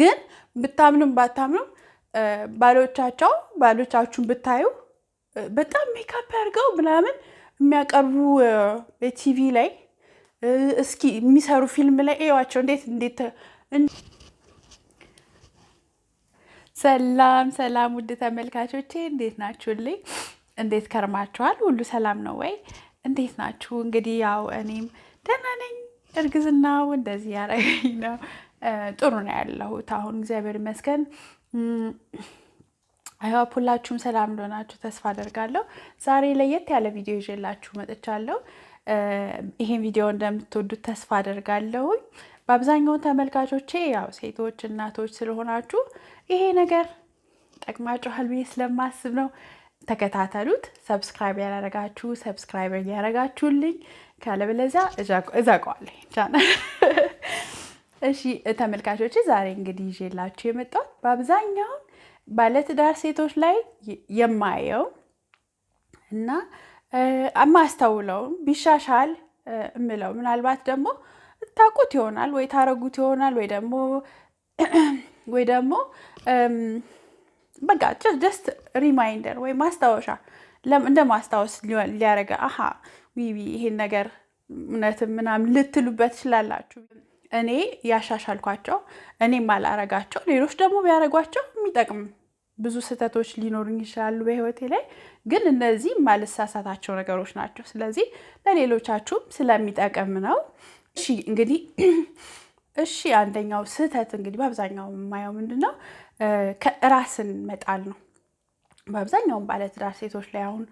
ግን ብታምኑም ባታምኑ ባሎቻቸው ባሎቻችሁን ብታዩ በጣም ሜካፕ አድርገው ምናምን የሚያቀርቡ ቲቪ ላይ እስኪ የሚሰሩ ፊልም ላይ እዩዋቸው። እንዴት እንዴት ሰላም ሰላም፣ ውድ ተመልካቾቼ እንዴት ናችሁልኝ? እንዴት ከርማችኋል? ሁሉ ሰላም ነው ወይ? እንዴት ናችሁ? እንግዲህ ያው እኔም ደህና ነኝ። እርግዝናው እንደዚህ ያረገኝ ነው ጥሩ ነው ያለሁት አሁን እግዚአብሔር ይመስገን። አይሆፕ ሁላችሁም ሰላም እንደሆናችሁ ተስፋ አደርጋለሁ። ዛሬ ለየት ያለ ቪዲዮ ይዤላችሁ መጥቻለሁ። ይሄን ቪዲዮ እንደምትወዱት ተስፋ አደርጋለሁ በአብዛኛው ተመልካቾቼ ያው ሴቶች እናቶች ስለሆናችሁ ይሄ ነገር ጠቅማችኋል ብዬ ስለማስብ ነው። ተከታተሉት። ሰብስክራይብ ያላረጋችሁ ሰብስክራይብ እያረጋችሁልኝ፣ ካለበለዚያ እዘጋዋለሁ ቻናል እሺ ተመልካቾች ዛሬ እንግዲህ ይዤላችሁ የመጣሁት በአብዛኛው ባለትዳር ሴቶች ላይ የማየው እና የማስተውለውም ቢሻሻል እምለው ምናልባት ደግሞ ታውቁት ይሆናል ወይ ታረጉት ይሆናል ወይ ደግሞ ወይ ደግሞ በቃ ጀስት ሪማይንደር ወይ ማስታወሻ እንደ ማስታወስ ሊያደረገ አሀ ይሄን ነገር እውነትም ምናምን ልትሉበት ትችላላችሁ። እኔ ያሻሻልኳቸው እኔ ማላረጋቸው ሌሎች ደግሞ ቢያረጓቸው የሚጠቅም ብዙ ስህተቶች ሊኖሩኝ ይችላሉ በህይወቴ ላይ ግን እነዚህ ማልሳሳታቸው ነገሮች ናቸው። ስለዚህ ለሌሎቻችሁም ስለሚጠቅም ነው። እሺ እንግዲህ እሺ አንደኛው ስህተት እንግዲህ በአብዛኛው የማየው ምንድን ነው? ከራስን መጣል ነው። በአብዛኛውም ባለትዳር ሴቶች ላይ አሁን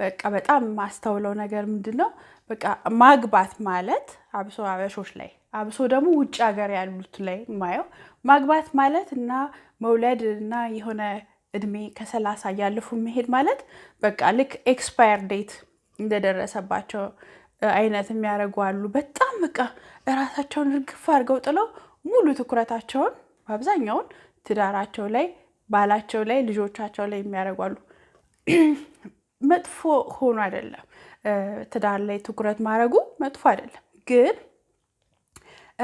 በቃ በጣም ማስተውለው ነገር ምንድን ነው፣ በቃ ማግባት ማለት አብሶ አበሾች ላይ አብሶ ደግሞ ውጭ ሀገር ያሉት ላይ ማየው ማግባት ማለት እና መውለድ እና የሆነ እድሜ ከሰላሳ እያለፉ መሄድ ማለት በቃ ልክ ኤክስፓየር ዴት እንደደረሰባቸው አይነት የሚያደርጉ አሉ። በጣም በቃ እራሳቸውን እርግፍ አድርገው ጥለው ሙሉ ትኩረታቸውን በአብዛኛውን ትዳራቸው ላይ ባላቸው ላይ ልጆቻቸው ላይ የሚያደርጓሉ መጥፎ ሆኖ አይደለም። ትዳር ላይ ትኩረት ማድረጉ መጥፎ አይደለም፣ ግን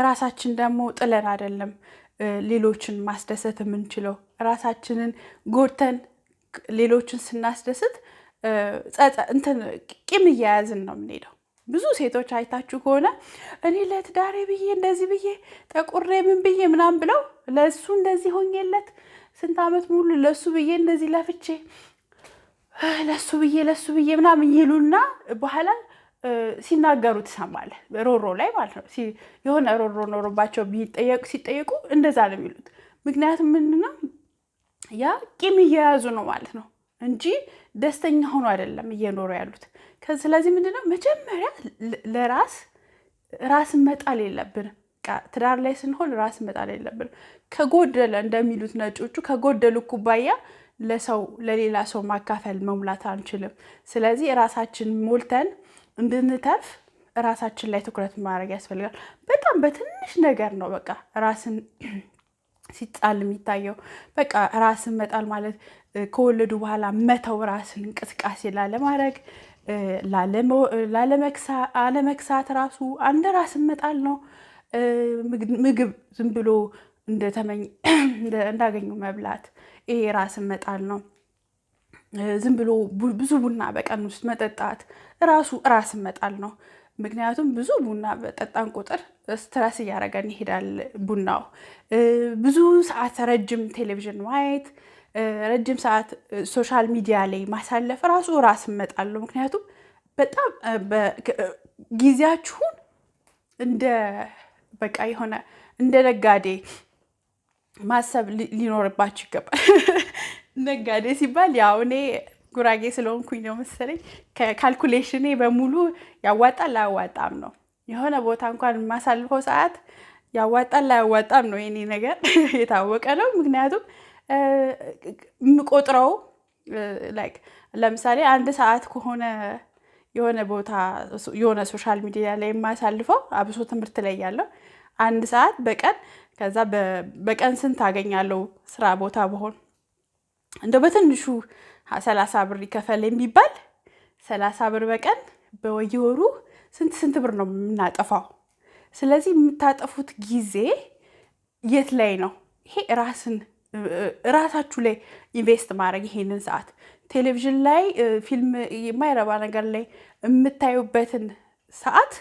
ራሳችን ደግሞ ጥለን አይደለም ሌሎችን ማስደሰት የምንችለው። ራሳችንን ጎድተን ሌሎችን ስናስደስት እንትን ቂም እያያዝን ነው የምንሄደው። ብዙ ሴቶች አይታችሁ ከሆነ እኔ ለትዳሬ ብዬ እንደዚህ ብዬ ጠቁሬ ምን ብዬ ምናምን ብለው ለእሱ እንደዚህ ሆኜለት ስንት ዓመት ሙሉ ለሱ ብዬ እንደዚህ ለፍቼ ለሱ ብዬ ለሱ ብዬ ምናምን ይሉና በኋላ ሲናገሩ ትሰማለህ። ሮሮ ላይ ማለት ነው። የሆነ ሮሮ ኖሮባቸው ቢጠየቁ ሲጠየቁ እንደዛ ነው የሚሉት። ምክንያቱም ምንድነው ያ ቂም እየያዙ ነው ማለት ነው እንጂ ደስተኛ ሆኖ አይደለም እየኖሩ ያሉት። ስለዚህ ምንድነው መጀመሪያ ለራስ ራስን መጣል የለብንም። ትዳር ላይ ስንሆን ራስን መጣል የለብንም። ከጎደለ እንደሚሉት ነጮቹ ከጎደሉ ኩባያ ለሰው ለሌላ ሰው ማካፈል መሙላት አንችልም። ስለዚህ ራሳችን ሞልተን እንድንተርፍ ራሳችን ላይ ትኩረት ማድረግ ያስፈልጋል። በጣም በትንሽ ነገር ነው በቃ ራስን ሲጣል የሚታየው በቃ ራስን መጣል ማለት ከወለዱ በኋላ መተው ራስን እንቅስቃሴ ላለማድረግ አለመክሳት ራሱ አንድ ራስን መጣል ነው። ምግብ ዝም ብሎ እንዳገኙ መብላት ይሄ ራስን መጣል ነው። ዝም ብሎ ብዙ ቡና በቀን ውስጥ መጠጣት ራሱ ራስን መጣል ነው። ምክንያቱም ብዙ ቡና በጠጣን ቁጥር ስትረስ እያደረገን ይሄዳል። ቡናው ብዙ ሰዓት ረጅም ቴሌቪዥን ማየት፣ ረጅም ሰዓት ሶሻል ሚዲያ ላይ ማሳለፍ ራሱ ራስን መጣል ነው። ምክንያቱም በጣም ጊዜያችሁን እንደ በቃ የሆነ እንደ ነጋዴ ማሰብ ሊኖርባችሁ ይገባል። ነጋዴ ሲባል ያው እኔ ጉራጌ ስለሆንኩኝ ነው መሰለኝ ከካልኩሌሽኔ በሙሉ ያዋጣል አያዋጣም ነው። የሆነ ቦታ እንኳን የማሳልፈው ሰዓት ያዋጣል አያዋጣም ነው። የኔ ነገር የታወቀ ነው። ምክንያቱም የምቆጥረው ላይክ ለምሳሌ አንድ ሰዓት ከሆነ የሆነ ቦታ የሆነ ሶሻል ሚዲያ ላይ የማሳልፈው አብሶ ትምህርት ላይ ያለው አንድ ሰዓት በቀን ከዛ በቀን ስንት አገኛለሁ ስራ ቦታ በሆን እንደው በትንሹ ሰላሳ ብር ይከፈለኝ ቢባል ሰላሳ ብር በቀን በየወሩ ስንት ስንት ብር ነው የምናጠፋው? ስለዚህ የምታጠፉት ጊዜ የት ላይ ነው? ይሄ ራስን ራሳችሁ ላይ ኢንቨስት ማድረግ ይሄንን ሰዓት ቴሌቪዥን ላይ ፊልም፣ የማይረባ ነገር ላይ የምታዩበትን ሰዓት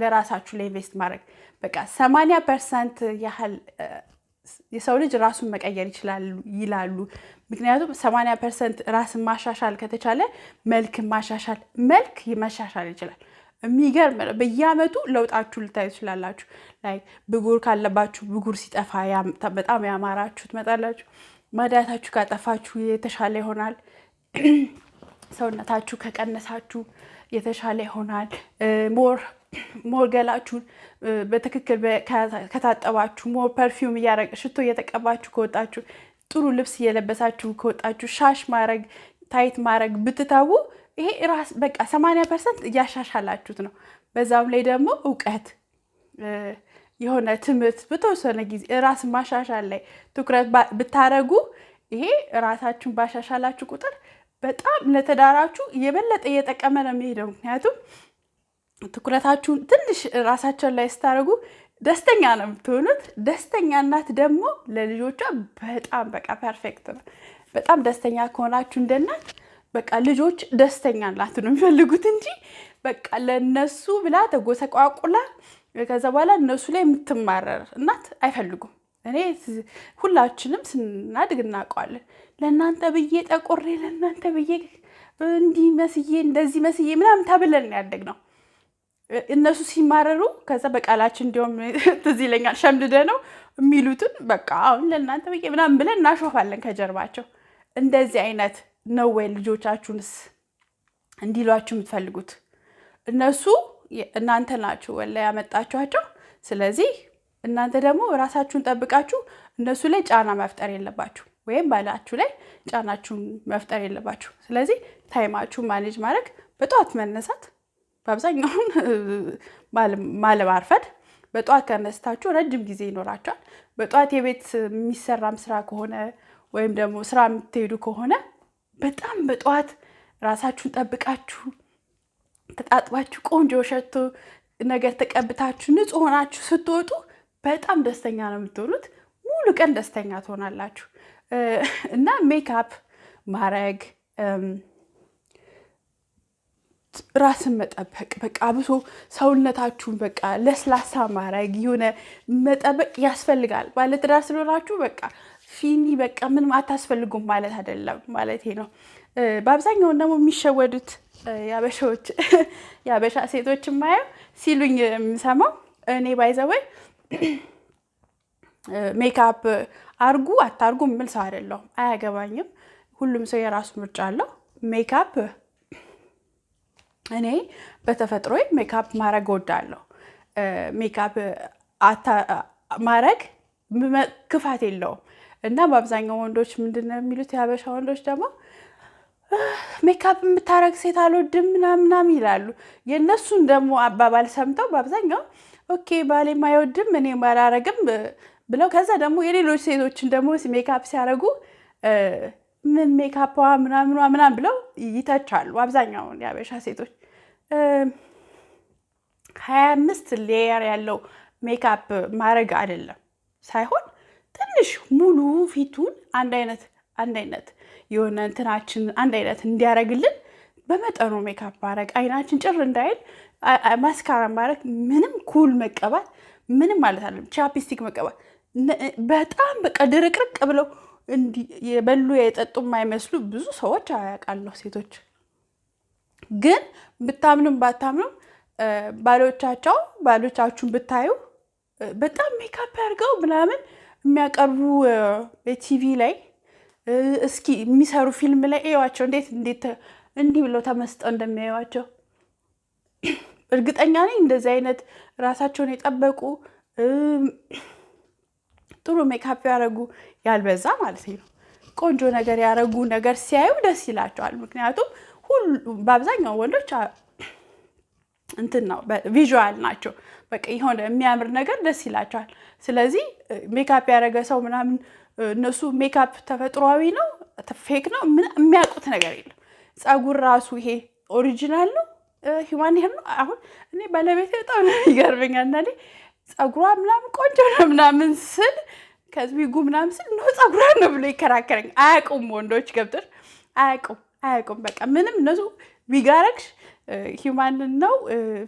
ለራሳችሁ ላይ ኢንቨስት ማድረግ በቃ ሰማንያ ፐርሰንት ያህል የሰው ልጅ ራሱን መቀየር ይችላል ይላሉ። ምክንያቱም ሰማንያ ፐርሰንት ራስን ማሻሻል ከተቻለ መልክን ማሻሻል መልክ መሻሻል ይችላል። የሚገርም ነው። ለውጣችሁ ልታዩ ትችላላችሁ። ላይ ብጉር ካለባችሁ ብጉር ሲጠፋ በጣም ያማራችሁ ትመጣላችሁ። ማዳታችሁ ካጠፋችሁ የተሻለ ይሆናል። ሰውነታችሁ ከቀነሳችሁ የተሻለ ይሆናል። ሞር ሞር በትክክል ከታጠባችሁ፣ ሞር ፐርፊውም ሽቶ እየተቀባችሁ ከወጣችሁ፣ ጥሩ ልብስ እየለበሳችሁ ከወጣችሁ፣ ሻሽ ማድረግ ታይት ማድረግ ብትተዉ ይሄ ራስ በቃ ሰማንያ ፐርሰንት እያሻሻላችሁት ነው። በዛም ላይ ደግሞ እውቀት የሆነ ትምህርት በተወሰነ ጊዜ ራስ ማሻሻል ላይ ትኩረት ብታደረጉ ይሄ ራሳችሁን ባሻሻላችሁ ቁጥር በጣም ለተዳራችሁ የበለጠ እየጠቀመ ነው የሚሄደው ምክንያቱም ትኩረታችሁን ትንሽ ራሳቸውን ላይ ስታደርጉ ደስተኛ ነው የምትሆኑት። ደስተኛ እናት ደግሞ ለልጆቿ በጣም በቃ ፐርፌክት ነው። በጣም ደስተኛ ከሆናችሁ እንደ እናት በቃ ልጆች ደስተኛ እናት ነው የሚፈልጉት እንጂ በቃ ለነሱ ብላ ተጎሰቋቁላ ከዛ በኋላ እነሱ ላይ የምትማረር እናት አይፈልጉም። እኔ ሁላችንም ስናድግ እናውቀዋለን። ለእናንተ ብዬ ጠቆሬ፣ ለእናንተ ብዬ እንዲህ መስዬ እንደዚህ መስዬ ምናምን ተብለን ያደግ ነው እነሱ ሲማረሩ ከዛ በቃላችን እንዲሁም ትዝ ይለኛል ሸምድደ ነው የሚሉትን በቃ አሁን ለእናንተ በቂ ምናምን ብለን እናሾፋለን ከጀርባቸው። እንደዚህ አይነት ነው ወይ ልጆቻችሁንስ እንዲሏችሁ የምትፈልጉት? እነሱ እናንተ ናችሁ ወላ ያመጣችኋቸው። ስለዚህ እናንተ ደግሞ ራሳችሁን ጠብቃችሁ እነሱ ላይ ጫና መፍጠር የለባችሁ፣ ወይም ባላችሁ ላይ ጫናችሁን መፍጠር የለባችሁ። ስለዚህ ታይማችሁ ማኔጅ ማድረግ በጠዋት መነሳት በአብዛኛውን ማለማርፈድ በጠዋት ከነስታችሁ ረጅም ጊዜ ይኖራቸዋል። በጠዋት የቤት የሚሰራም ስራ ከሆነ ወይም ደግሞ ስራ የምትሄዱ ከሆነ በጣም በጠዋት ራሳችሁን ጠብቃችሁ ተጣጥባችሁ ቆንጆ ሸቶ ነገር ተቀብታችሁ ንጹህ ሆናችሁ ስትወጡ በጣም ደስተኛ ነው የምትሆኑት። ሙሉ ቀን ደስተኛ ትሆናላችሁ እና ሜካፕ ማረግ ራስን መጠበቅ በቃ ብሶ ሰውነታችሁን በቃ ለስላሳ ማድረግ የሆነ መጠበቅ ያስፈልጋል። ባለትዳር ስለሆናችሁ በቃ ፊኒ በቃ ምንም አታስፈልጉም ማለት አይደለም ማለት ነው። በአብዛኛውን ደግሞ የሚሸወዱት ያበሻዎች ያበሻ ሴቶች ማየው ሲሉኝ የምሰማው እኔ ባይዘወይ ሜካፕ አርጉ አታርጉ የምል ሰው አይደለሁም፣ አያገባኝም። ሁሉም ሰው የራሱ ምርጫ አለው ሜካፕ እኔ በተፈጥሮ ሜካፕ ማድረግ ወዳለሁ ሜካፕ ማድረግ ክፋት የለውም እና በአብዛኛው ወንዶች ምንድን ነው የሚሉት የሀበሻ ወንዶች ደግሞ ሜካፕ የምታረግ ሴት አልወድም ምናምናም ይላሉ። የእነሱን ደግሞ አባባል ሰምተው በአብዛኛው ኦኬ ባሌም አይወድም እኔ አላረግም ብለው ከዛ ደግሞ የሌሎች ሴቶችን ደግሞ ሜካፕ ሲያደርጉ ምን ሜካፕዋ ምናምኗ ምናም ብለው ይተቻሉ። አብዛኛውን የአበሻ ሴቶች ሀያ አምስት ሌየር ያለው ሜካፕ ማድረግ አይደለም ሳይሆን ትንሽ ሙሉ ፊቱን አንድ አይነት አንድ አይነት የሆነ እንትናችን አንድ አይነት እንዲያደርግልን በመጠኑ ሜካፕ ማድረግ አይናችን ጭር እንዳይል ማስካራ ማድረግ፣ ምንም ኩል መቀባት ምንም ማለት አለም ቻፕስቲክ መቀባት በጣም በቃ ድርቅርቅ ብለው የበሉ የጠጡ የማይመስሉ ብዙ ሰዎች አያውቃለሁ። ሴቶች ግን ብታምንም ባታምኑ ባሎቻቸው ባሎቻችሁን ብታዩ በጣም ሜካፕ አድርገው ምናምን የሚያቀርቡ ቲቪ ላይ እስኪ የሚሰሩ ፊልም ላይ እዩዋቸው። እንዴት እንዴት እንዲህ ብለው ተመስጠው እንደሚያዩዋቸው እርግጠኛ ነኝ። እንደዚህ አይነት ራሳቸውን የጠበቁ ጥሩ ሜካፕ ያደረጉ ያልበዛ ማለት ነው ቆንጆ ነገር ያደረጉ ነገር ሲያዩ ደስ ይላቸዋል። ምክንያቱም ሁሉ በአብዛኛው ወንዶች እንትን ነው ቪዥዋል ናቸው። በቃ የሆነ የሚያምር ነገር ደስ ይላቸዋል። ስለዚህ ሜካፕ ያደረገ ሰው ምናምን እነሱ ሜካፕ ተፈጥሯዊ ነው ፌክ ነው የሚያውቁት ነገር የለም። ፀጉር ራሱ ይሄ ኦሪጂናል ነው ሂማን ነው። አሁን እኔ ባለቤት በጣም ይገርመኛል እና ፀጉሯ ምናምን ቆንጆ ነው ምናምን ስል ከዚህ ጉ ምናምን ስል ነው ፀጉሯ ነው ብሎ ይከራከረኝ። አያውቁም ወንዶች ገብጥር አያውቁም አያውቁም። በቃ ምንም እነሱ ቢጋረግሽ ማን ነው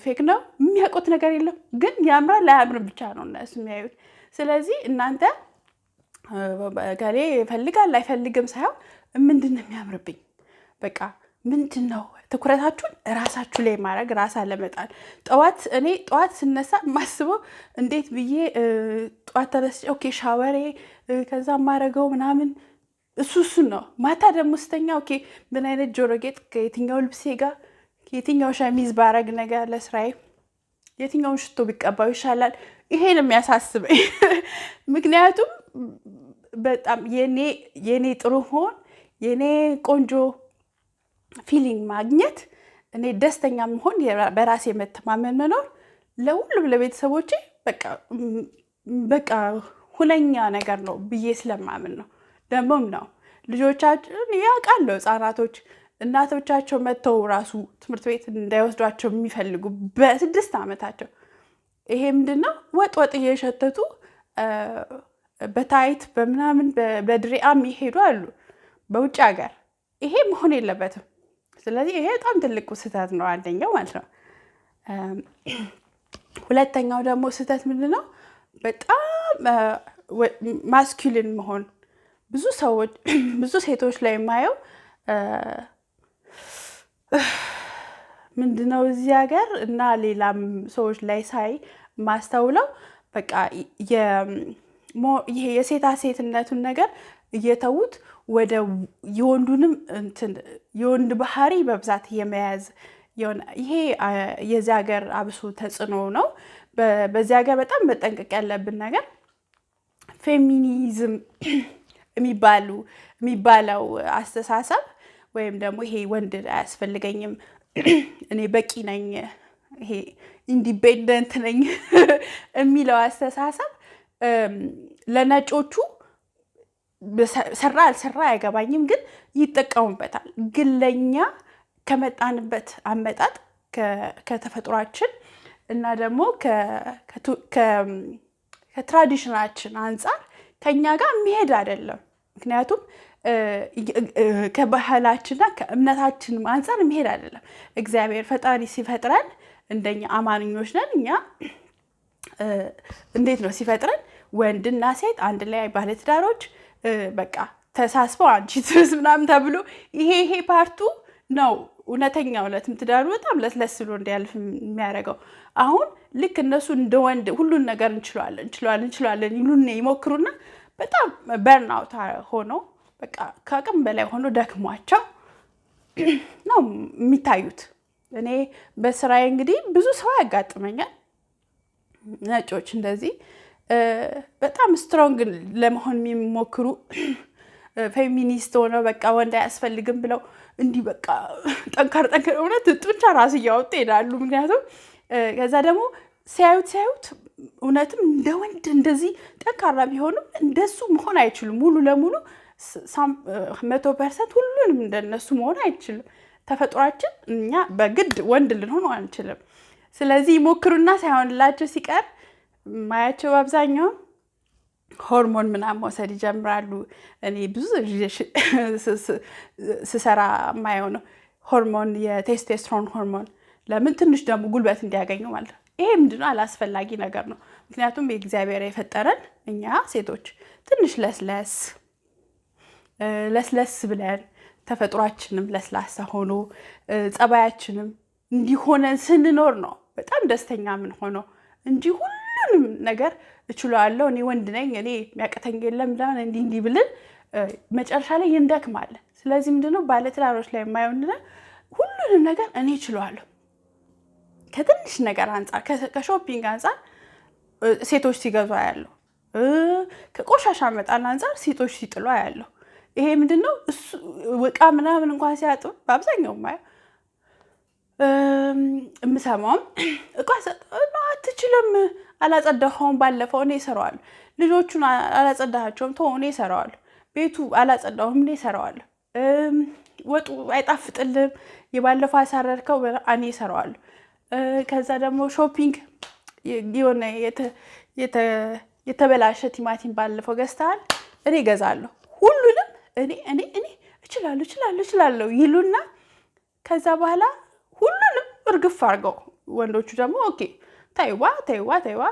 ፌክ ነው የሚያውቁት ነገር የለም። ግን ያምራል ላያምር ብቻ ነው እነሱ የሚያዩት። ስለዚህ እናንተ ገሌ ይፈልጋል አይፈልግም ሳይሆን ምንድን ነው የሚያምርብኝ በቃ ምንድን ነው ትኩረታችሁን ራሳችሁ ላይ ማድረግ ራሳ ለመጣል ጠዋት እኔ ጠዋት ስነሳ ማስበው እንዴት ብዬ ጠዋት ተነስቼ ኦኬ ሻወሬ ከዛ ማረገው ምናምን እሱ እሱን ነው። ማታ ደግሞ ስተኛ ኦኬ ምን አይነት ጆሮ ጌጥ ከየትኛው ልብሴ ጋር የትኛው ሸሚዝ ባረግ ነገር ለስራዬ የትኛውን ሽቶ ቢቀባው ይሻላል፣ ነው የሚያሳስበኝ ምክንያቱም በጣም የኔ ጥሩ ሆን የኔ ቆንጆ ፊሊንግ ማግኘት እኔ ደስተኛ መሆን በራሴ መተማመን መኖር ለሁሉም ለቤተሰቦቼ በቃ ሁለኛ ነገር ነው ብዬ ስለማምን ነው። ደግሞም ነው ልጆቻችን ያውቃሉ። ህጻናቶች እናቶቻቸው መጥተው ራሱ ትምህርት ቤት እንዳይወስዷቸው የሚፈልጉ በስድስት ዓመታቸው ይሄ ምንድነው ወጥ ወጥ እየሸተቱ በታይት በምናምን በድሪያ ይሄዱ አሉ በውጭ ሀገር። ይሄ መሆን የለበትም። ስለዚህ ይሄ በጣም ትልቁ ስህተት ነው አንደኛው ማለት ነው። ሁለተኛው ደግሞ ስህተት ምንድን ነው? በጣም ማስኪሊን መሆን ብዙ ሰዎች ብዙ ሴቶች ላይ የማየው ምንድነው እዚህ ሀገር እና ሌላም ሰዎች ላይ ሳይ ማስተውለው በቃ ይሄ የሴታ ሴትነቱን ነገር እየተዉት ወደ የወንዱንም የወንድ ባህሪ በብዛት የመያዝ ይሄ የዚህ ሀገር አብሶ ተጽዕኖ ነው። በዚህ ሀገር በጣም መጠንቀቅ ያለብን ነገር ፌሚኒዝም የሚባሉ የሚባለው አስተሳሰብ ወይም ደግሞ ይሄ ወንድ አያስፈልገኝም፣ እኔ በቂ ነኝ፣ ይሄ ኢንዲፔንደንት ነኝ የሚለው አስተሳሰብ ለነጮቹ ሰራ አልሰራ አያገባኝም፣ ግን ይጠቀሙበታል። ግን ለእኛ ከመጣንበት አመጣጥ ከተፈጥሯችን እና ደግሞ ከትራዲሽናችን አንጻር ከኛ ጋር የሚሄድ አይደለም። ምክንያቱም ከባህላችንና ከእምነታችን አንጻር የሚሄድ አይደለም። እግዚአብሔር ፈጣሪ ሲፈጥረን እንደኛ አማንኞች ነን። እኛ እንዴት ነው ሲፈጥረን ወንድና ሴት አንድ ላይ ባለትዳሮች በቃ ተሳስበው አንቺ ትርስ ምናምን ተብሎ ይሄ ይሄ ፓርቱ ነው እውነተኛ እውነትም ትዳሩ በጣም ለስለስ ብሎ እንዲያልፍ የሚያደርገው። አሁን ልክ እነሱ እንደ ወንድ ሁሉን ነገር እንችለዋለን እንችለዋለን እንችለዋለን ይሉን ይሞክሩና በጣም በርናውታ ሆኖ በቃ ከአቅም በላይ ሆኖ ደክሟቸው ነው የሚታዩት። እኔ በስራዬ እንግዲህ ብዙ ሰው ያጋጥመኛል ነጮች እንደዚህ በጣም ስትሮንግ ለመሆን የሚሞክሩ ፌሚኒስት ሆነው በቃ ወንድ አያስፈልግም ብለው እንዲህ በቃ ጠንካር ጠንካር እውነት ጡንቻ ራስ እያወጡ ይሄዳሉ። ምክንያቱም ከዛ ደግሞ ሲያዩት ሲያዩት እውነትም እንደ ወንድ እንደዚህ ጠንካራ ቢሆንም እንደሱ መሆን አይችሉም። ሙሉ ለሙሉ መቶ ፐርሰንት ሁሉንም እንደነሱ መሆን አይችልም። ተፈጥሯችን እኛ በግድ ወንድ ልንሆን አንችልም። ስለዚህ ይሞክሩና ሳይሆንላቸው ሲቀር ማያቸው በአብዛኛው ሆርሞን ምናምን መውሰድ ይጀምራሉ። እኔ ብዙ ስሰራ ማየው ነው ሆርሞን የቴስቴስትሮን ሆርሞን ለምን ትንሽ ደግሞ ጉልበት እንዲያገኙ ማለት ነው። ይሄ ምንድነው አላስፈላጊ ነገር ነው። ምክንያቱም የእግዚአብሔር የፈጠረን እኛ ሴቶች ትንሽ ለስለስ ለስለስ ብለን ተፈጥሯችንም ለስላሳ ሆኖ ጸባያችንም እንዲሆነን ስንኖር ነው በጣም ደስተኛ ምን ሆኖ እንጂ ሁሉንም ነገር እችላለሁ፣ እኔ ወንድ ነኝ፣ እኔ የሚያቀተኝ የለም ለምን እንዲህ እንዲህ ብልን መጨረሻ ላይ ይንደክማለን። ስለዚህ ምንድነው ባለትዳሮች ላይ የማየው ሁሉንም ነገር እኔ እችላለሁ ከትንሽ ነገር አንጻር ከሾፒንግ አንጻር ሴቶች ሲገዙ ያለው ከቆሻሻ መጣል አንጻር ሴቶች ሲጥሉ ያለው ይሄ ምንድነው ነው? እቃ ምናምን እንኳን ሲያጡ በአብዛኛው ማየው የምሰማውም እቃ አትችልም አላጸዳኸውም፣ ባለፈው እኔ እሰራዋለሁ። ልጆቹን አላጸዳቸውም ተው እኔ እሰራዋለሁ። ቤቱ አላጸዳሁም፣ እኔ እሰራዋለሁ። ወጡ አይጣፍጥልም፣ የባለፈው አሳረርከው፣ እኔ እሰራዋለሁ። ከዛ ደግሞ ሾፒንግ የሆነ የተበላሸ ቲማቲም ባለፈው ገዝተሃል፣ እኔ እገዛለሁ። ሁሉንም እኔ እኔ እኔ እችላለሁ እችላለሁ እችላለሁ ይሉና ከዛ በኋላ ሁሉንም እርግፍ አድርገው ወንዶቹ ደግሞ ኦኬ ተይዋ ተይዋ ተይዋ።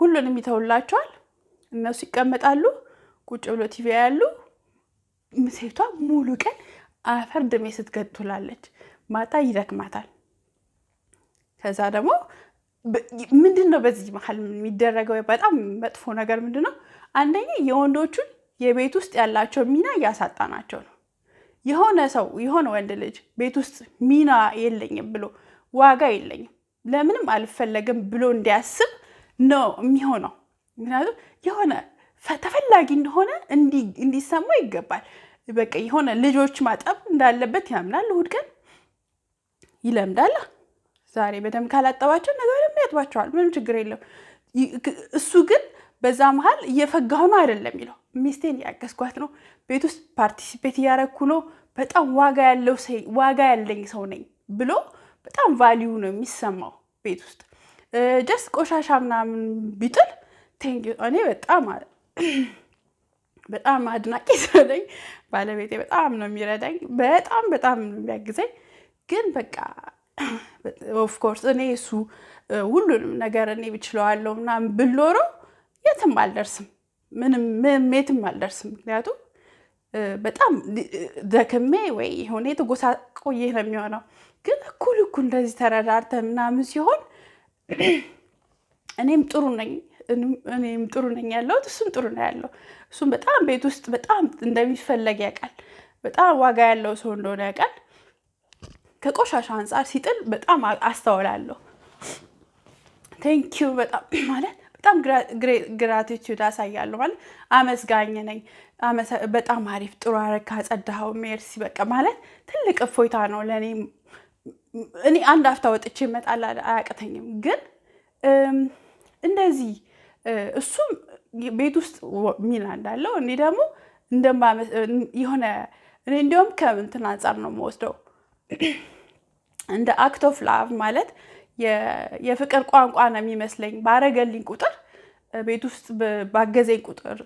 ሁሉንም ይተውላቸዋል። እነሱ ይቀመጣሉ፣ ቁጭ ብሎ ቲቪ ያሉ። ሴቷ ሙሉ ቀን አፈር ድሜ ስትገጥላለች ማጣ ማታ ይደክማታል። ከዛ ደግሞ ምንድን ነው በዚህ መሀል የሚደረገው በጣም መጥፎ ነገር ምንድን ነው? አንደኛ የወንዶቹን የቤት ውስጥ ያላቸው ሚና እያሳጣናቸው ነው። የሆነ ሰው የሆነ ወንድ ልጅ ቤት ውስጥ ሚና የለኝም ብሎ ዋጋ የለኝም ለምንም አልፈለግም ብሎ እንዲያስብ ነው የሚሆነው። ምክንያቱም የሆነ ተፈላጊ እንደሆነ እንዲሰማው ይገባል። በቃ የሆነ ልጆች ማጠብ እንዳለበት ያምናል። እሑድ ቀን ይለምዳል። ዛሬ በደንብ ካላጠባቸው ነገ ደግሞ ያጥባቸዋል። ምንም ችግር የለም። እሱ ግን በዛ መሀል እየፈጋሁ ነው አይደለም የሚለው ሚስቴን ያገዝኳት ነው፣ ቤት ውስጥ ፓርቲሲፔት እያረግኩ ነው፣ በጣም ዋጋ ያለው ዋጋ ያለኝ ሰው ነኝ ብሎ በጣም ቫሊዩ ነው የሚሰማው ቤት ውስጥ ጀስት ቆሻሻ ምናምን ቢጥል ቴንኪ እኔ በጣም በጣም አድናቂ ስለኝ ባለቤቴ በጣም ነው የሚረዳኝ፣ በጣም በጣም ነው የሚያግዘኝ። ግን በቃ ኦፍኮርስ እኔ እሱ ሁሉንም ነገር እኔ ብችለዋለሁ ምናምን ብል የትም አልደርስም፣ ምንም የትም አልደርስም። ምክንያቱም በጣም ደክሜ ወይ የሆነ የተጎሳቆየ ነው የሚሆነው ግን እኩል እኩል እንደዚህ ተረዳርተ ምናምን ሲሆን እኔም ጥሩ ነኝ እኔም ጥሩ ነኝ ያለሁት እሱም ጥሩ ነው ያለው። እሱም በጣም ቤት ውስጥ በጣም እንደሚፈለግ ያውቃል። በጣም ዋጋ ያለው ሰው እንደሆነ ያውቃል። ከቆሻሻ አንጻር ሲጥል በጣም አስተውላለሁ። ቴንኪዩ በጣም ማለት በጣም ግራቲቲዩድ አሳያለሁ። ማለት አመስጋኝ ነኝ። በጣም አሪፍ ጥሩ አረካ ጸዳኸው፣ ሜርሲ በቃ ማለት ትልቅ እፎይታ ነው ለእኔ። እኔ አንድ አፍታ ወጥቼ መጣል አያቅተኝም። ግን እንደዚህ እሱም ቤት ውስጥ ሚና እንዳለው እኔ ደግሞ የሆነ እኔ እንዲሁም ከምንትን አንጻር ነው የምወስደው እንደ አክት ኦፍ ላቭ ማለት የፍቅር ቋንቋ ነው የሚመስለኝ። ባረገልኝ ቁጥር ቤት ውስጥ ባገዘኝ ቁጥር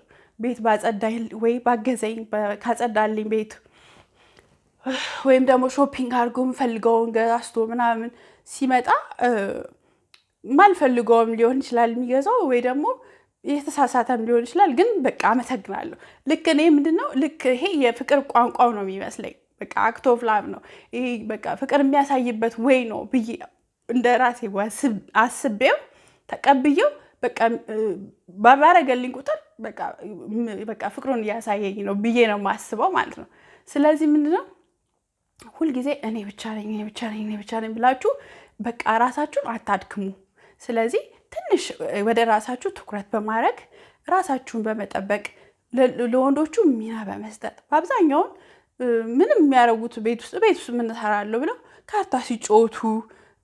ቤት ባጸዳኝ ወይ ባገዘኝ ካጸዳልኝ ቤት ወይም ደግሞ ሾፒንግ አድርጎ የምፈልገውን ገዝቶ ምናምን ሲመጣ ማልፈልገውም ሊሆን ይችላል የሚገዛው ወይ ደግሞ የተሳሳተም ሊሆን ይችላል። ግን በቃ አመሰግናለሁ። ልክ እኔ ምንድነው ልክ ይሄ የፍቅር ቋንቋው ነው የሚመስለኝ። በቃ አክት ኦፍ ላቭ ነው ይሄ በቃ ፍቅር የሚያሳይበት ወይ ነው ብዬ እንደ ራሴ አስቤው ተቀብየው በቃ ባረገልኝ ቁጥር በቃ ፍቅሩን እያሳየኝ ነው ብዬ ነው የማስበው ማለት ነው። ስለዚህ ምንድነው ሁልጊዜ እኔ ብቻ ነኝ እኔ ብቻ ነኝ እኔ ብቻ ነኝ ብላችሁ በቃ ራሳችሁን አታድክሙ። ስለዚህ ትንሽ ወደ ራሳችሁ ትኩረት በማድረግ ራሳችሁን በመጠበቅ ለወንዶቹ ሚና በመስጠት በአብዛኛውን ምንም የሚያደርጉት ቤት ውስጥ ቤት ውስጥ የምንሰራለሁ ብለው ካርታ ሲጮቱ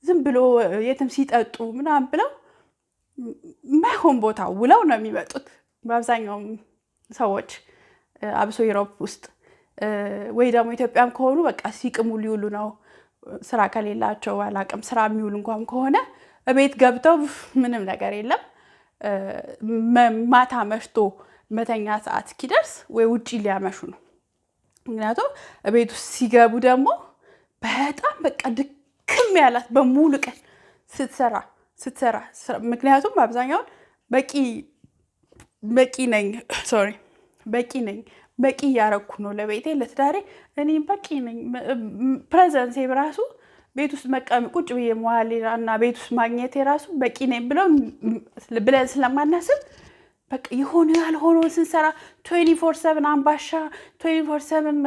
ዝም ብሎ የትም ሲጠጡ ምናምን ብለው ማይሆን ቦታ ውለው ነው የሚመጡት። በአብዛኛውም ሰዎች አብሶ ዩሮፕ ውስጥ ወይ ደግሞ ኢትዮጵያም ከሆኑ በቃ ሲቅሙ ሊውሉ ነው። ስራ ከሌላቸው አላቅም፣ ስራ የሚውሉ እንኳን ከሆነ ቤት ገብተው ምንም ነገር የለም። ማታ መሽቶ መተኛ ሰዓት እስኪደርስ ወይ ውጭ ሊያመሹ ነው። ምክንያቱም ቤት ውስጥ ሲገቡ ደግሞ በጣም በቃ ድክም ያላት በሙሉ ቀን ስትሰራ ስትሰራ ምክንያቱም አብዛኛውን በቂ በቂ ነኝ ሶሪ በቂ ነኝ በቂ እያረኩ ነው ለቤቴ ለትዳሬ። እኔ በቂ ነኝ። ፕሬዘንሴ በራሱ ቤት ውስጥ መቀመጥ ቁጭ ብዬ መዋል እና ቤት ውስጥ ማግኘት የራሱ በቂ ነኝ ብለን ስለማናስብ በቃ የሆነ ያልሆነ ስንሰራ ትዌንቲ ፎር ሰቨን አምባሻ ትዌንቲ ፎር ሰቨን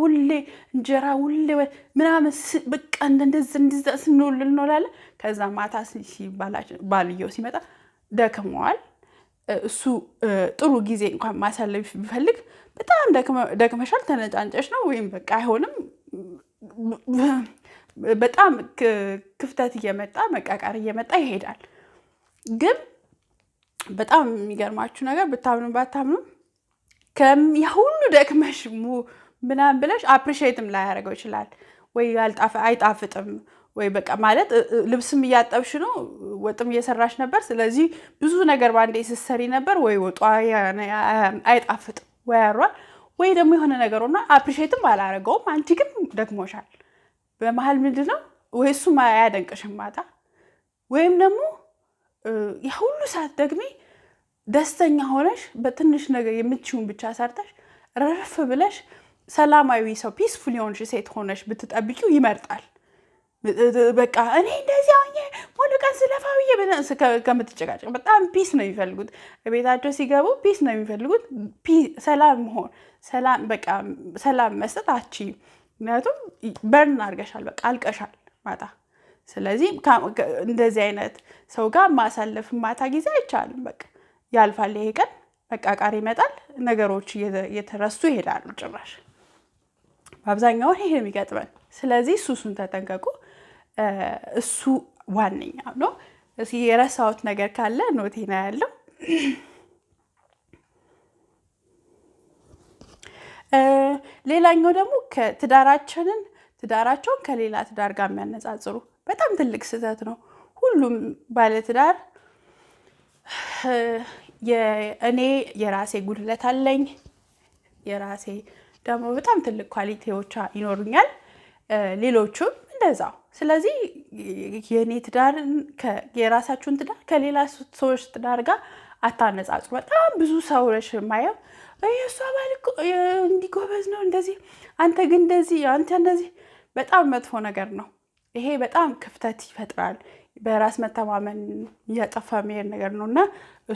ሁሌ እንጀራ ሁሌ ምናምን በቃ እንደዚ እንዲዛ ስንውል እንውላለን። ከዛ ማታ ባልየው ሲመጣ ደክመዋል። እሱ ጥሩ ጊዜ እንኳን ማሳለፍ ቢፈልግ በጣም ደክመሻል፣ ተነጫንጨሽ ነው ወይም በቃ አይሆንም፣ በጣም ክፍተት እየመጣ መቃቃር እየመጣ ይሄዳል። ግን በጣም የሚገርማችሁ ነገር ብታምኑ ባታምኑ ከሁሉ ደክመሽ ምናምን ብለሽ ላይ ላያደርገው ይችላል ወይ አይጣፍጥም ወይ በቃ ማለት ልብስም እያጠብሽ ነው፣ ወጥም እየሰራሽ ነበር። ስለዚህ ብዙ ነገር በአንዴ ስትሰሪ ነበር ወይ ወጧ አይጣፍጥም ወይ አሯል ወይ ደግሞ የሆነ ነገር ሆና አፕሪሼትም አላረገውም። አንቺ ግን ደግሞሻል። በመሀል ምንድን ነው ወይ እሱ አያደንቅሽም ማታ ወይም ደግሞ የሁሉ ሁሉ ሰዓት ደግሜ ደስተኛ ሆነሽ በትንሽ ነገር የምትችውን ብቻ ሰርተሽ ረፍ ብለሽ ሰላማዊ ሰው ፒስፉል የሆንሽ ሴት ሆነሽ ብትጠብቂው ይመርጣል። በቃ እኔ እንደዚህ አሁኜ ሙሉ ቀን ስለፋው ከምትጨቃጨቅ በጣም ፒስ ነው የሚፈልጉት። ቤታቸው ሲገቡ ፒስ ነው የሚፈልጉት። ሰላም መሆን ሰላም መስጠት አቺ ምክንያቱም በርን አድርገሻል፣ በቃ አልቀሻል ማታ። ስለዚህ እንደዚህ አይነት ሰው ጋር ማሳለፍ ማታ ጊዜ አይቻልም። በቃ ያልፋል ይሄ ቀን በቃ ቃር ይመጣል። ነገሮች እየተረሱ ይሄዳሉ። ጭራሽ በአብዛኛውን ይሄ የሚገጥመን። ስለዚህ ሱሱን ተጠንቀቁ። እሱ ዋነኛው ነው። የረሳሁት ነገር ካለ ኖቴና ያለው ሌላኛው ደግሞ ትዳራችንን ትዳራቸውን ከሌላ ትዳር ጋር የሚያነጻጽሩ በጣም ትልቅ ስህተት ነው። ሁሉም ባለትዳር እኔ የራሴ ጉድለት አለኝ፣ የራሴ ደግሞ በጣም ትልቅ ኳሊቲዎች ይኖሩኛል፣ ሌሎቹም እንደዛው ስለዚህ የእኔ ትዳር የራሳችሁን ትዳር ከሌላ ሰዎች ትዳር ጋር አታነጻጽሩ። በጣም ብዙ ሰዎች የማየው የእሷ አባል እንዲጎበዝ ነው እንደዚህ፣ አንተ ግን እንደዚህ፣ አንተ እንደዚህ፣ በጣም መጥፎ ነገር ነው። ይሄ በጣም ክፍተት ይፈጥራል። በራስ መተማመን እያጠፋ መሄድ ነገር ነው እና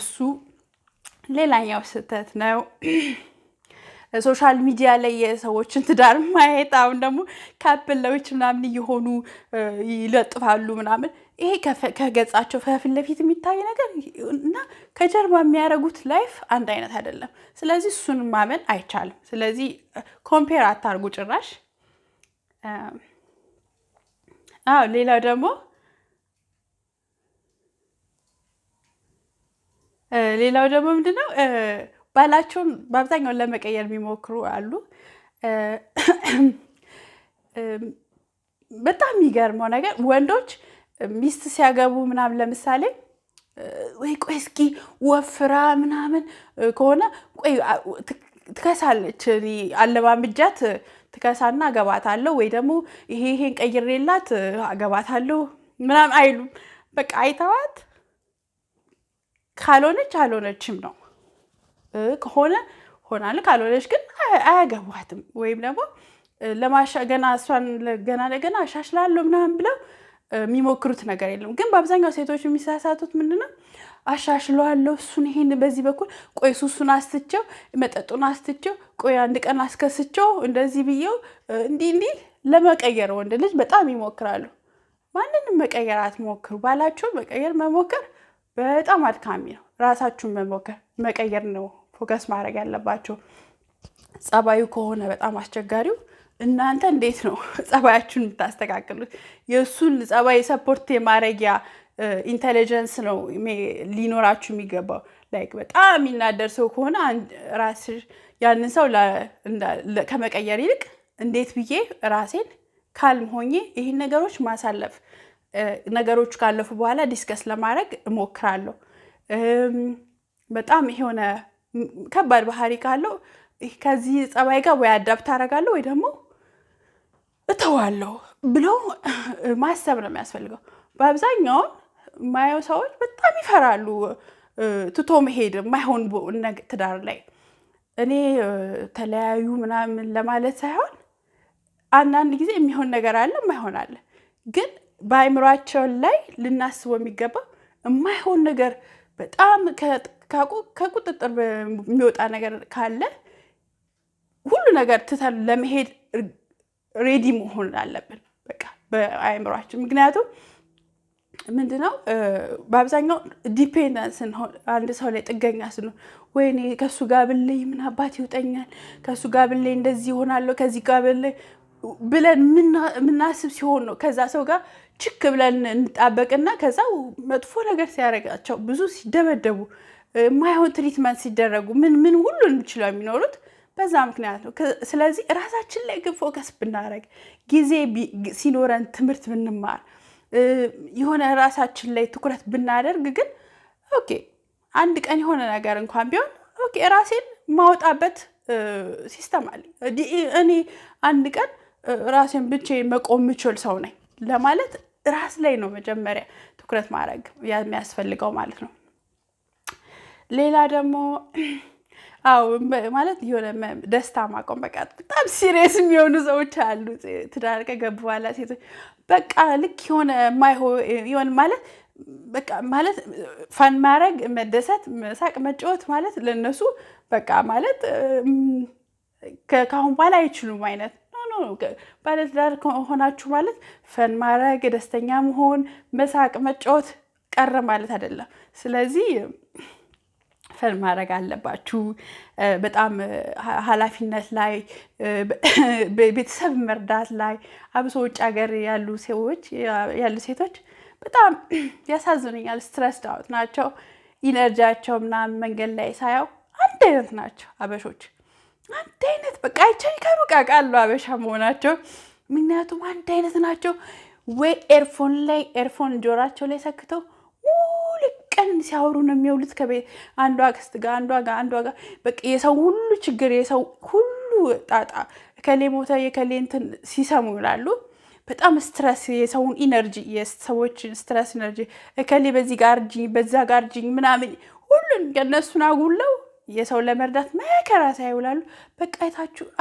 እሱ ሌላኛው ስህተት ነው። ሶሻል ሚዲያ ላይ የሰዎችን ትዳር ማየት አሁን ደግሞ ካፕል ምናምን እየሆኑ ይለጥፋሉ ምናምን ይሄ ከገጻቸው ከፊት ለፊት የሚታይ ነገር እና ከጀርባ የሚያደርጉት ላይፍ አንድ አይነት አይደለም። ስለዚህ እሱን ማመን አይቻልም። ስለዚህ ኮምፔር አታርጉ ጭራሽ። አዎ ሌላው ደግሞ ሌላው ደግሞ ምንድነው ባላቸውን በአብዛኛውን ለመቀየር የሚሞክሩ አሉ። በጣም የሚገርመው ነገር ወንዶች ሚስት ሲያገቡ ምናምን ለምሳሌ ወይ ቆይ እስኪ ወፍራ ምናምን ከሆነ ቆይ ትከሳለች አለባምጃት ትከሳና አገባታለሁ ወይ ደግሞ ይሄ ይሄን ቀይሬላት አገባታለሁ ምናምን አይሉም። በቃ አይተዋት ካልሆነች አልሆነችም ነው። ከሆነ ሆናል፣ ካልሆነች ግን አያገቧትም። ወይም ደግሞ ለማሻገና እሷን ገና ለገና አሻሽላለሁ ምናምን ብለው የሚሞክሩት ነገር የለም። ግን በአብዛኛው ሴቶች የሚሳሳቱት ምንድነው? አሻሽለዋለሁ እሱን ይሄን በዚህ በኩል ቆይ ሱሱን አስትቸው መጠጡን አስትቸው ቆይ አንድ ቀን አስከስቸው እንደዚህ ብየው እንዲህ እንዲህ ለመቀየር ወንድ ልጅ በጣም ይሞክራሉ። ማንንም መቀየር አትሞክሩ። ባላችሁን መቀየር መሞከር በጣም አድካሚ ነው። ራሳችሁን መሞከር መቀየር ነው ፎከስ ማድረግ ያለባቸው። ጸባዩ ከሆነ በጣም አስቸጋሪው እናንተ እንዴት ነው ጸባያችሁን የምታስተካክሉት? የእሱን ጸባይ ሰፖርት የማድረጊያ ኢንቴሊጀንስ ነው ሊኖራችሁ የሚገባው። ላይክ በጣም የሚናደር ሰው ከሆነ ራስ ያንን ሰው ከመቀየር ይልቅ እንዴት ብዬ ራሴን ካልም ሆኜ ይህን ነገሮች ማሳለፍ ነገሮች ካለፉ በኋላ ዲስከስ ለማድረግ እሞክራለሁ። በጣም የሆነ ከባድ ባህሪ ካለው ከዚህ ጸባይ ጋር ወይ አዳብት አደርጋለሁ ወይ ደግሞ እተዋለሁ ብሎ ማሰብ ነው የሚያስፈልገው። በአብዛኛውን ማየው ሰዎች በጣም ይፈራሉ ትቶ መሄድ የማይሆን ትዳር ላይ እኔ ተለያዩ ምናምን ለማለት ሳይሆን አንዳንድ ጊዜ የሚሆን ነገር አለ፣ የማይሆን አለ። ግን በአእምሯቸው ላይ ልናስበው የሚገባ የማይሆን ነገር በጣም ከቁጥጥር የሚወጣ ነገር ካለ ሁሉ ነገር ትተን ለመሄድ ሬዲ መሆን አለብን፣ በቃ ምክንያቱም ምንድነው በአብዛኛው ዲፔንደንስ አንድ ሰው ላይ ጥገኛ ስንሆን፣ ወይኔ ከሱ ጋር ብለይ ምን አባት ይውጠኛል፣ ከሱ ጋር ብለይ እንደዚህ ይሆናለሁ፣ ከዚህ ጋር ብለይ ብለን ምናስብ ሲሆን ነው ከዛ ሰው ጋር ችክ ብለን እንጣበቅና ከዛ መጥፎ ነገር ሲያደርጋቸው ብዙ ሲደበደቡ ማይሆን ትሪትመንት ሲደረጉ ምን ምን ሁሉንም ችለው የሚኖሩት በዛ ምክንያት ነው። ስለዚህ ራሳችን ላይ ግን ፎከስ ብናደረግ ጊዜ ሲኖረን ትምህርት ብንማር የሆነ ራሳችን ላይ ትኩረት ብናደርግ ግን ኦኬ አንድ ቀን የሆነ ነገር እንኳን ቢሆን ኦኬ ራሴን ማወጣበት ሲስተም አለ። እኔ አንድ ቀን ራሴን ብቼ መቆም ምችል ሰው ነኝ ለማለት ራስ ላይ ነው መጀመሪያ ትኩረት ማድረግ የሚያስፈልገው ማለት ነው። ሌላ ደግሞ ማለት የሆነ ደስታ ማቆም በቃ በጣም ሲሪየስ የሚሆኑ ሰዎች አሉ። ትዳር ከገቡ በኋላ ሴቶች በቃ ልክ የሆነ የሆነ ማለት በቃ ማለት ፋን ማድረግ፣ መደሰት፣ መሳቅ፣ መጫወት ማለት ለነሱ በቃ ማለት ከአሁን በኋላ አይችሉም አይነት ባለትዳር ሆናችሁ ማለት ፈን ማድረግ፣ ደስተኛ መሆን፣ መሳቅ፣ መጫወት ቀረ ማለት አይደለም። ስለዚህ ፈን ማድረግ አለባችሁ። በጣም ኃላፊነት ላይ ቤተሰብ መርዳት ላይ አብሶ ውጭ ሀገር ያሉ ሰዎች ያሉ ሴቶች በጣም ያሳዝኑኛል። ስትረስ ዳውት ናቸው። ኢነርጂያቸው ምናምን መንገድ ላይ ሳያው አንድ አይነት ናቸው። አበሾች አንድ አይነት በቃ አይቻል ከሩቅ አውቃለሁ አበሻ መሆናቸው። ምክንያቱም አንድ አይነት ናቸው። ወይ ኤርፎን ላይ ኤርፎን ጆራቸው ላይ ሰክተው ቀን ሲያወሩ ነው የሚውሉት። ከቤት አንዷ ክስት ጋር አንዷ ጋር አንዷ ጋር በቃ የሰው ሁሉ ችግር የሰው ሁሉ ጣጣ ከሌ ቦታ የከሌ እንትን ሲሰሙ ይላሉ። በጣም ስትረስ የሰውን ኢነርጂ የሰዎችን ስትረስ ኢነርጂ እከሌ በዚህ ጋር እርጅኝ በዛ ጋር እርጅኝ ምናምን ሁሉን ከእነሱን አጉለው የሰው ለመርዳት መከራ ሳይውላሉ በቃ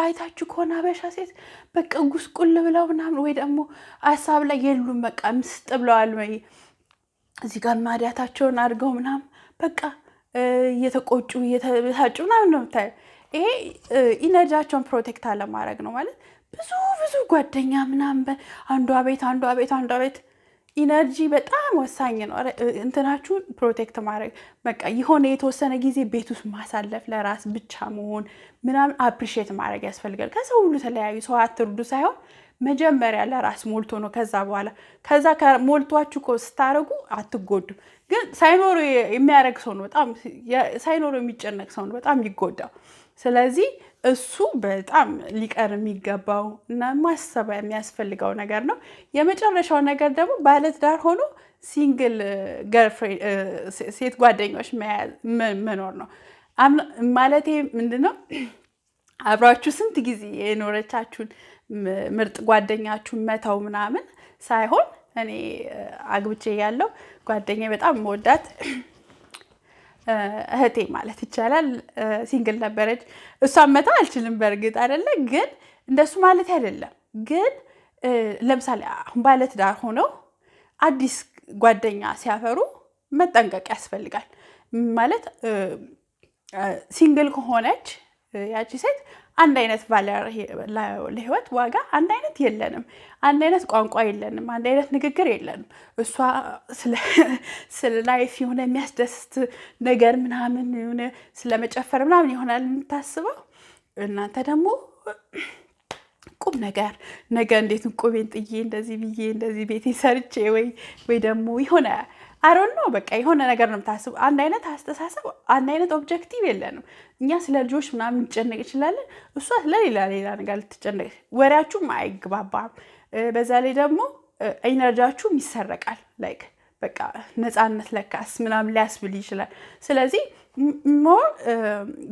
አይታችሁ ከሆነ አበሻ ሴት በቃ ጉስቁል ብለው ምናምን ወይ ደግሞ ሀሳብ ላይ የሉም በቃ ምስጥ ብለዋል ወይ እዚህ ጋር ማዳታቸውን አድርገው ምናምን በቃ እየተቆጩ እየተታጩ ምናምን ነው የምታየው። ይሄ ኢነርጃቸውን ፕሮቴክት አለማድረግ ነው ማለት ብዙ ብዙ ጓደኛ ምናምን አንዷ ቤት አንዷ ቤት አንዷ ቤት ኢነርጂ በጣም ወሳኝ ነው። እንትናችሁን ፕሮቴክት ማድረግ በቃ የሆነ የተወሰነ ጊዜ ቤት ውስጥ ማሳለፍ፣ ለራስ ብቻ መሆን ምናምን አፕሪሼት ማድረግ ያስፈልጋል። ከሰው ሁሉ ተለያዩ፣ ሰው አትርዱ ሳይሆን መጀመሪያ ለራስ ሞልቶ ነው። ከዛ በኋላ ከዛ ሞልቷችሁ እኮ ስታደርጉ አትጎዱም። ግን ሳይኖሩ የሚያደርግ ሰው ነው በጣም ሳይኖሩ የሚጨነቅ ሰው ነው በጣም ይጎዳው። ስለዚህ እሱ በጣም ሊቀር የሚገባው እና ማሰብ የሚያስፈልገው ነገር ነው። የመጨረሻው ነገር ደግሞ ባለትዳር ሆኖ ሲንግል ሴት ጓደኞች መኖር ነው። ማለቴ ምንድነው አብራችሁ ስንት ጊዜ የኖረቻችሁን ምርጥ ጓደኛችሁን መተው ምናምን ሳይሆን እኔ አግብቼ ያለው ጓደኛ በጣም መወዳት እህቴ ማለት ይቻላል ሲንግል ነበረች። እሷን መታ አልችልም። በእርግጥ አይደለ ግን እንደሱ ማለት አይደለም። ግን ለምሳሌ አሁን ባለትዳር ሆነው አዲስ ጓደኛ ሲያፈሩ መጠንቀቅ ያስፈልጋል። ማለት ሲንግል ከሆነች ያቺ ሴት አንድ አይነት ባለ ለህይወት ዋጋ አንድ አይነት የለንም። አንድ አይነት ቋንቋ የለንም። አንድ አይነት ንግግር የለንም። እሷ ስለ ላይፍ የሆነ የሚያስደስት ነገር ምናምን የሆነ ስለመጨፈር ምናምን ይሆናል የምታስበው። እናንተ ደግሞ ቁም ነገር ነገ እንዴት ቁቤን ጥዬ እንደዚህ ብዬ እንደዚህ ቤቴ ሰርቼ ወይ ወይ ደግሞ ይሆናል አሮን ነው በቃ የሆነ ነገር ነው የምታስቡ። አንድ አይነት አስተሳሰብ፣ አንድ አይነት ኦብጀክቲቭ የለንም። እኛ ስለ ልጆች ምናምን ልንጨነቅ እንችላለን፣ እሷ ስለሌላ ሌላ ነገር ልትጨነቅ፣ ወሬያችሁም አይግባባም። በዛ ላይ ደግሞ ኢነርጂያችሁም ይሰረቃል። ላይክ በቃ ነፃነት ለካስ ምናምን ሊያስብል ይችላል። ስለዚህ ሞር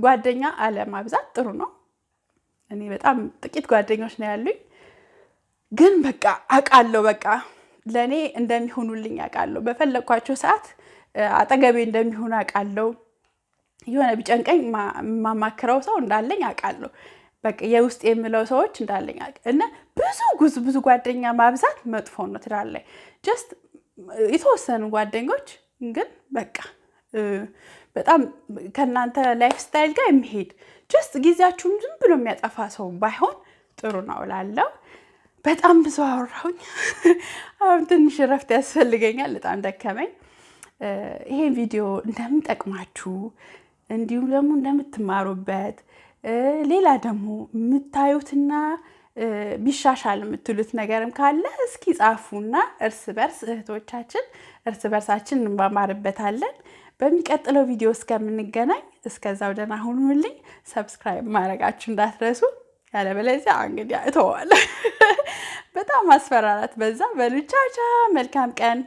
ጓደኛ አለማብዛት ጥሩ ነው። እኔ በጣም ጥቂት ጓደኞች ነው ያሉኝ፣ ግን በቃ አውቃለሁ በቃ ለእኔ እንደሚሆኑልኝ አውቃለሁ። በፈለግኳቸው ሰዓት አጠገቤ እንደሚሆኑ አውቃለሁ። የሆነ ቢጨንቀኝ የማማክረው ሰው እንዳለኝ አውቃለሁ። በቃ የውስጥ የምለው ሰዎች እንዳለኝ እና ብዙ ጉዝ ብዙ ጓደኛ ማብዛት መጥፎ ነው ትዳር ጀስት የተወሰኑ ጓደኞች ግን በቃ በጣም ከእናንተ ላይፍ ስታይል ጋር የሚሄድ ጀስት ጊዜያችሁን ዝም ብሎ የሚያጠፋ ሰው ባይሆን ጥሩ ነው እላለሁ። በጣም ብዙ አወራሁኝ። አሁን ትንሽ እረፍት ያስፈልገኛል። በጣም ደከመኝ። ይሄን ቪዲዮ እንደምንጠቅማችሁ እንዲሁም ደግሞ እንደምትማሩበት ሌላ ደግሞ የምታዩትና ቢሻሻል የምትሉት ነገርም ካለ እስኪ ጻፉና እርስ በርስ እህቶቻችን እርስ በርሳችን እንማማርበታለን። በሚቀጥለው ቪዲዮ እስከምንገናኝ እስከዛው ደህና ሁኑልኝ። ሰብስክራይብ ማድረጋችሁ እንዳትረሱ። ያለበለዚያ እንግዲህ እተዋለሁ። በጣም ማስፈራራት በዛ። በሉቻቻ መልካም ቀን